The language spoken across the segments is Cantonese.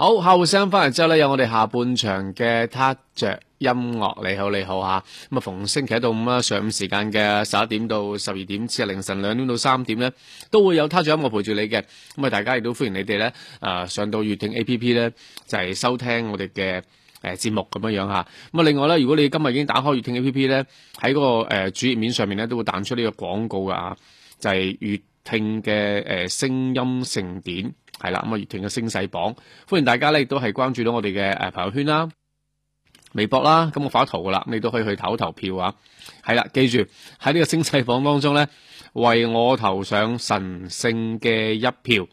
好客戶聲翻嚟之後呢，有我哋下半場嘅踏著音樂，你好你好吓。咁啊，逢星期一到五啊上午時間嘅十一點到十二點至凌晨兩點到三點呢，都會有踏著音樂陪住你嘅。咁啊，大家亦都歡迎你哋呢，誒、啊、上到粵聽 A P P 呢，就係、是、收聽我哋嘅誒節目咁樣樣吓。咁啊，另外呢如果你今日已經打開粵聽 A P P 呢，喺嗰、那個誒、呃、主頁面上面呢，都會彈出呢個廣告噶、啊，就係、是、粵聽嘅誒聲音盛典係啦，咁啊樂團嘅聲勢榜，歡迎大家咧亦都係關注到我哋嘅誒朋友圈啦、微博啦，咁我發一圖噶啦，你都可以去投投票啊。係啦，記住喺呢個聲勢榜當中咧，為我投上神聖嘅一票。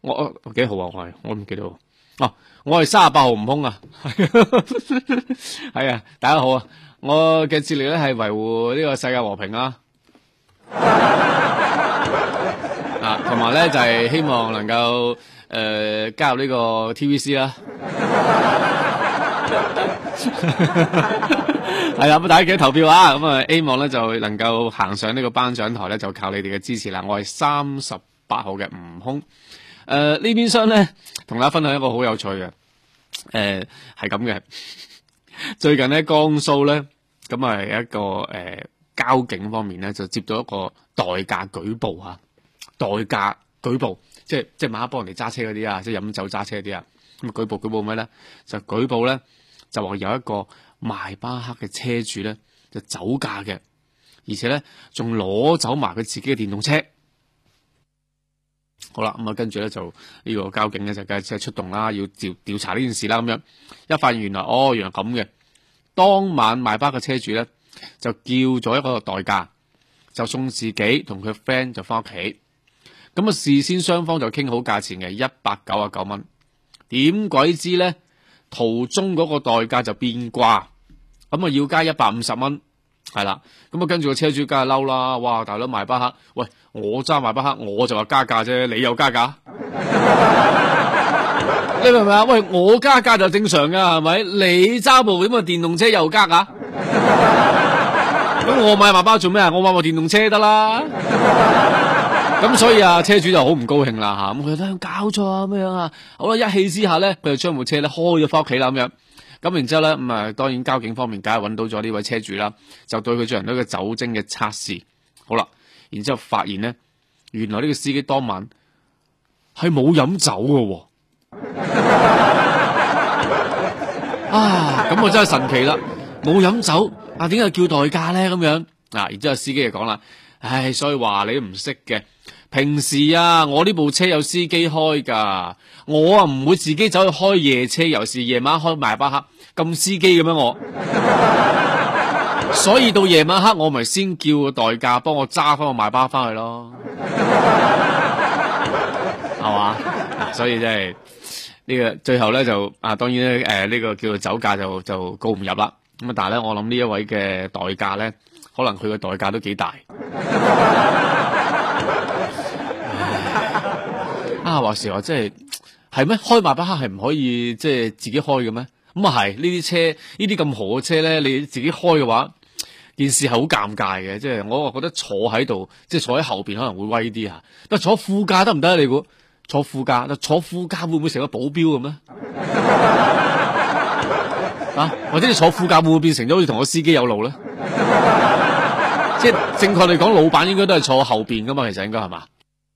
我幾號啊？我我唔記得哦。我係三十八號悟空啊。係啊，大家好啊。我嘅志力咧係維護呢個世界和平啊。同埋咧就係、是、希望能夠誒、呃、加入呢個 TVC 啦，係 啦， 咁大家記得投票啊！咁、嗯、啊，希望咧就能夠行上個頒獎呢個頒獎台咧，就靠你哋嘅支持啦。我係三十八號嘅悟空，誒、呃、呢邊廂咧同大家分享一個好有趣嘅，誒係咁嘅，最近咧江蘇咧咁啊一個誒、呃、交警方面咧就接到一個代駕舉報、啊代駕舉報，即係即係晚黑幫人哋揸車嗰啲啊，即係飲酒揸車啲啊，咁舉報舉報咩咧？就舉報咧，就話有一個邁巴赫嘅車主咧，就酒駕嘅，而且咧仲攞走埋佢自己嘅電動車。好啦，咁、嗯、啊，跟住咧就呢、這個交警咧就即係出動啦，要調調查呢件事啦，咁樣一發現原來哦，原來咁嘅，當晚邁巴赫嘅車主咧就叫咗一,一個代駕，就送自己同佢 friend 就翻屋企。咁啊，事先雙方就傾好價錢嘅一百九十九蚊，點鬼知咧？途中嗰個代駕就變卦，咁啊要加一百五十蚊，係啦，咁啊跟住個車主梗係嬲啦，哇大佬邁巴赫，喂我揸邁巴赫，我就話加價啫，你又加價， 你明唔明啊？喂，我加價就正常噶，係咪？你揸部咁啊電動車又加價？咁 我買邁巴做咩啊？我買部電動車得啦。 咁所以啊，車主就好唔高興啦吓，咁佢都搞錯啊，咁樣啊，好啦，一氣之下咧，佢就將部車咧開咗翻屋企啦，咁樣。咁然之後咧，咁啊，當然交警方面梗係揾到咗呢位車主啦，就對佢進行一個酒精嘅測試。好啦，然之後發現呢，原來呢個司機當晚係冇飲酒噶、喔 啊。啊，咁啊真係神奇啦，冇飲酒啊，點解叫代駕咧？咁樣啊？然之後司機就講啦，唉、哎，所以話你唔識嘅。平時啊，我呢部車有司機開噶，我啊唔會自己走去開夜車，尤其是夜晚開邁巴黑，咁司機咁樣我，我， 所以到夜晚黑我咪先叫個代駕幫我揸翻個邁巴翻去咯，係嘛？所以真係呢個最後咧就啊，當然咧誒呢個叫做酒駕就就告唔入啦。咁啊，但係咧我諗呢一位嘅代駕咧，可能佢嘅代價都幾大。 啊！話時話即係係咩？開邁巴赫係唔可以即係自己開嘅咩？咁啊係呢啲車呢啲咁好嘅車咧，你自己開嘅話，件事係好尷尬嘅。即係我覺得坐喺度，即係坐喺後邊可能會威啲啊。但坐副駕得唔得？你估，坐副駕？坐副駕會唔會成個保鏢咁咧？ 啊！或者你坐副駕會唔會變成咗好似同個司機有路咧？ 即係正確嚟講，老闆應該都係坐後邊噶嘛？其實應該係嘛？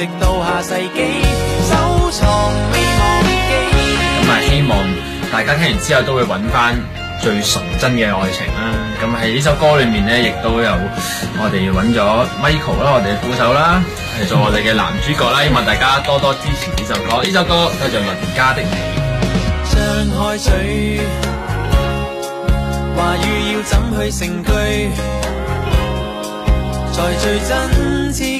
咁啊，希望大家聽完之後都會揾翻最純真嘅愛情啦。咁喺呢首歌裏面咧，亦都有我哋揾咗 Michael 啦，我哋嘅鼓手啦，係做我哋嘅男主角啦。希望大家多多支持呢首歌，呢首歌就《人家的你》。張開嘴，話語要怎去成句，在最真摯。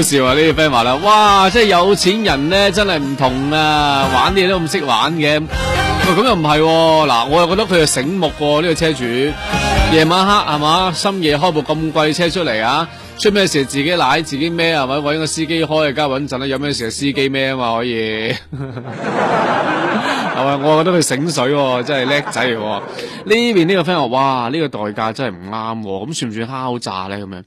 好笑啊！呢個 friend 話啦，哇，真係有錢人咧，真係唔同啊，玩啲嘢都唔識玩嘅喂。咁又唔係，嗱，我又覺得佢係醒目。呢個車主夜晚黑係嘛，深夜開部咁貴車出嚟啊，出咩事自己拉自己孭啊，或者搵個司機開，加穩陣啦。有咩事司機孭啊嘛，可以。係咪？我又覺得佢醒水，真係叻仔。呢邊呢個 friend 話，哇，呢個代價真係唔啱，咁算唔算敲詐咧？咁樣？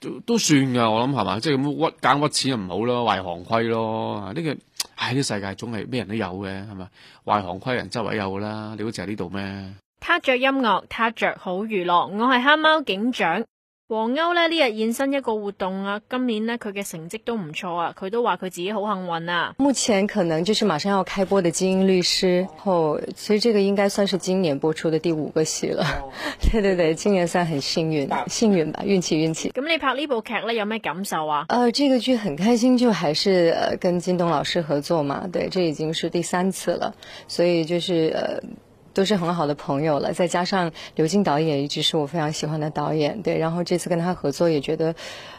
都都算噶，我諗係咪，即係咁屈奸屈，屈錢就唔好咯，壞行規咯，呢、這個，唉，呢世界總係咩人都有嘅，係咪？壞行規人周圍有噶啦，你好似喺呢度咩？他着音樂，他着好娛樂，我係黑貓警長。王鷗呢，呢日現身一個活動啊，今年呢，佢嘅成績都唔錯啊，佢都話佢自己好幸運啊。目前可能就是馬上要開播的《精英律師》後、oh, 所以這個應該算是今年播出的第五個戲了。 對對對，今年算很幸運，幸運吧，運氣運氣。咁你拍呢部劇呢，有咩感受啊？呃這個劇很開心，就還是、呃、跟靳東老師合作嘛，對，這已經是第三次了，所以就是呃都是很好的朋友了，再加上劉靜導演一直是我非常喜歡的導演，對，然後這次跟他合作也覺得，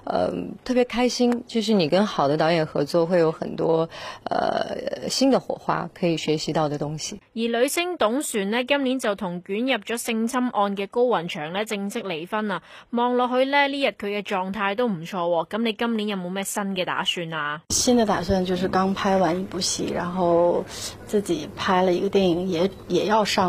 呃，特別開心。就是你跟好的導演合作會有很多呃新的火花，可以學習到的東西。而女星董璇呢，今年就同捲入咗性侵案嘅高雲翔呢正式離婚啊，望落去呢呢日佢嘅狀態都唔錯。哦，咁你今年有冇咩新嘅打算啊？新的打算就是剛拍完一部戲，然後自己拍了一個電影，也也要上。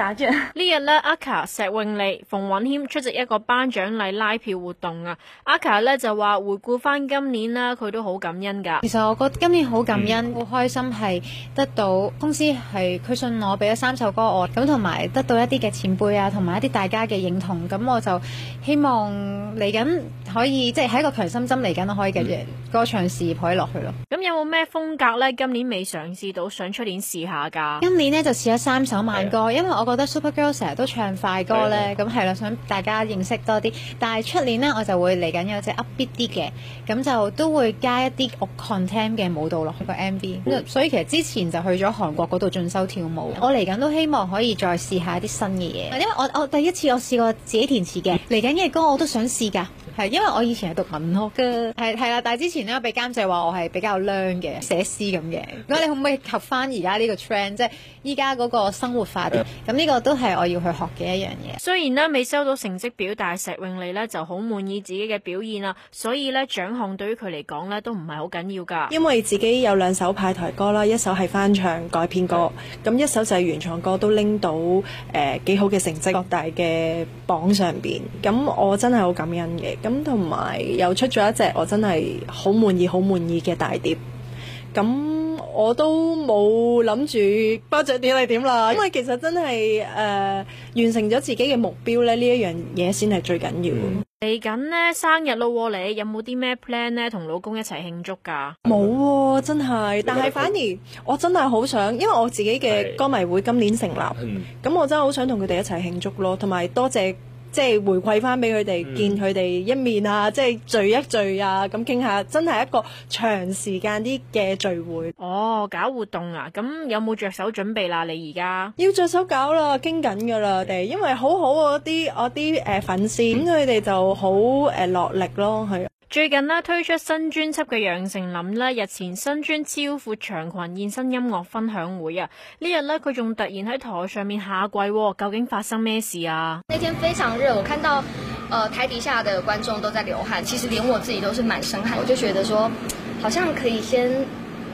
打日呢日咧，阿卡石永利、馮允謙出席一個頒獎禮拉票活動啊！阿卡咧就話回顧翻今年啦，佢都好感恩噶。其實我覺得今年好感恩，好、嗯、開心係得到公司係佢信我俾咗三首歌我咁，同埋得到一啲嘅前輩啊，同埋一啲大家嘅認同，咁我就希望嚟緊。可以即係喺一個強心針嚟緊，都可以嘅歌唱事業可以落去咯。咁有冇咩風格呢？今年未嘗試到，想出年試下㗎。今年呢就試咗三首慢歌，因為我覺得 Super Girl 成日都唱快歌呢。咁係啦，想大家認識多啲。但係出年呢，我就會嚟緊有隻 Upbeat 啲嘅，咁就都會加一啲 contem 嘅舞蹈落去個 MV。所以其實之前就去咗韓國嗰度進修跳舞。我嚟緊都希望可以再試下啲新嘅嘢，因為我我第一次我試過自己填詞嘅嚟緊嘅歌，我都想試㗎。係，因為我以前係讀文學嘅。係係啦。但係之前呢，俾監製話我係比較孏嘅寫詩咁嘅。咁你可唔可以夾翻而家呢個 trend，即係依家嗰個生活化啲？咁呢個都係我要去學嘅一樣嘢。雖然呢，未收到成績表，但石永利呢就好滿意自己嘅表現啦。所以呢，獎項對於佢嚟講呢都唔係好緊要㗎。因為自己有兩首派台歌啦，一首係翻唱改編歌，咁一首就係原創歌，都拎到誒幾、呃、好嘅成績，各大嘅榜上面，咁我真係好感恩嘅。咁同埋又出咗一隻，我真係好滿意、好滿意嘅大碟。咁我都冇諗住包着碟你點啦。因為其實真係、呃、完成咗自己嘅目標咧，呢一樣嘢先係最緊要。嚟緊呢生日咯你有冇啲咩 plan 呢？同老公一齊慶祝噶？冇、啊、真係，但係反而我真係好想，因為我自己嘅歌迷會今年成立，咁我真係好想同佢哋一齊慶祝咯，同埋多謝，謝。即係回饋翻俾佢哋，見佢哋一面啊！即係聚一聚啊，咁傾下，真係一個長時間啲嘅聚會。哦，搞活動啊！咁有冇着手準備啦？你而家要着手搞啦，傾緊㗎啦，我哋、嗯、因為好好嗰啲我啲誒、呃、粉絲，佢、嗯、哋就好誒落力咯，係。最近呢推出新專輯嘅楊丞琳呢，日前身穿超闊長裙現身音樂分享會啊！呢日呢佢仲突然喺台上面下跪，究竟發生咩事啊？那天非常熱，我看到，台底下的觀眾都在流汗，其實連我自己都是滿身汗，我就覺得說，好像可以先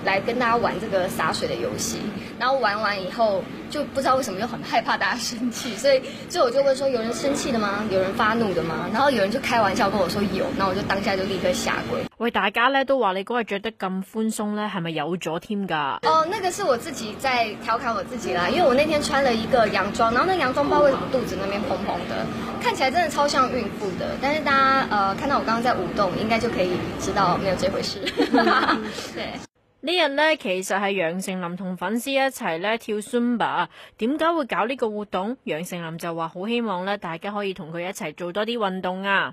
來跟大家玩這個灑水的遊戲。然後玩完以後，就不知道為什麼又很害怕大家生氣，所以最後我就問說：有人生氣的嗎？有人發怒的嗎？然後有人就開玩笑跟我說：有。那我就當下就立刻下跪。喂，大家呢都話你嗰日着得咁寬鬆呢，係咪有咗添噶？哦，那個是我自己在調侃我自己啦，因為我那天穿了一個洋裝，然後那洋裝不知道為什麼肚子那邊蓬蓬的，看起來真的超像孕婦的。但是大家呃看到我剛剛在舞動，應該就可以知道沒有這回事。 對。呢日呢，其實係楊丞琳同粉絲一齊跳 s u m b a。點解會搞呢個活動？楊丞琳就話：好希望大家可以同佢一齊做多啲運動啊！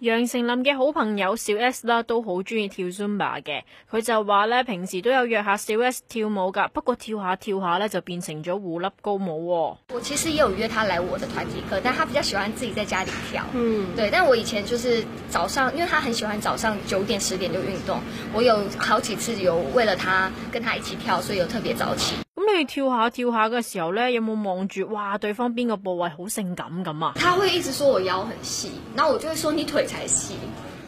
楊丞琳嘅好朋友小 S 啦，都好中意跳 Zumba 嘅。佢就話咧，平時都有約下小 S 跳舞噶，不過跳下跳下咧就變成咗胡粒高舞哦。我其實也有約他來我的團體課，但他比較喜歡自己在家裏跳。嗯，對，但我以前就是早上，因為他很喜歡早上九點十點就運動，我有好幾次有為了他跟他一起跳，所以有特別早起。跟住跳下跳下嘅時候呢，有冇望住哇？對方邊個部位好性感咁啊？他會一直說我腰很細，然後我就會說你腿才細，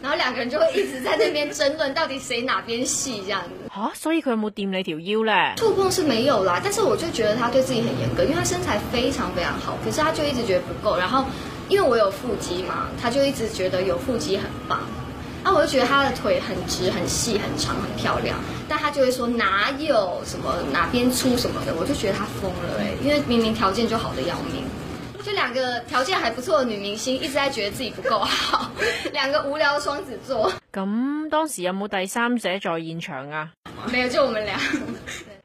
然後兩個人就會一直在那邊爭論到底誰哪邊細，這樣子。吓，所以佢有冇掂你條腰呢？觸碰是沒有啦，但是我就覺得他對自己很嚴格，因為他身材非常非常好，可是他就一直覺得不夠。然後因為我有腹肌嘛，他就一直覺得有腹肌很棒。啊！我就覺得她的腿很直、很細、很長、很漂亮，但她就會說哪有什麼哪邊粗什麼的，我就覺得她瘋了，因為明明條件就好得要命，就兩個條件還不錯的女明星一直在覺得自己不夠好，兩個無聊的雙子座。咁當時有冇第三者在現場啊？沒有，就我們倆。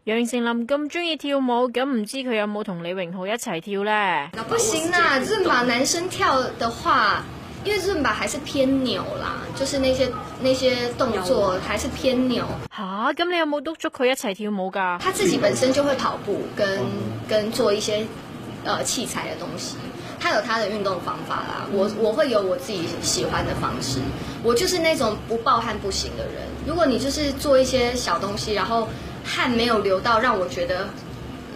楊丞琳咁中意跳舞，咁唔知佢有冇同李榮浩一齊跳呢？那不，不行啊，日、就、把、是、男生跳的話。因為倫巴還是偏扭啦，就是那些那些動作還是偏扭。吓，咁你有冇督促佢一齊跳舞噶？他自己本身就會跑步跟，跟、嗯、跟做一些，呃器材的東西，他有他的運動方法啦。嗯、我我會有我自己喜歡的方式，我就是那種不爆汗不行的人。如果你就是做一些小東西，然後汗沒有流到讓我覺得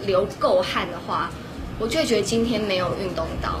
流夠汗的話，我就會覺得今天沒有運動到。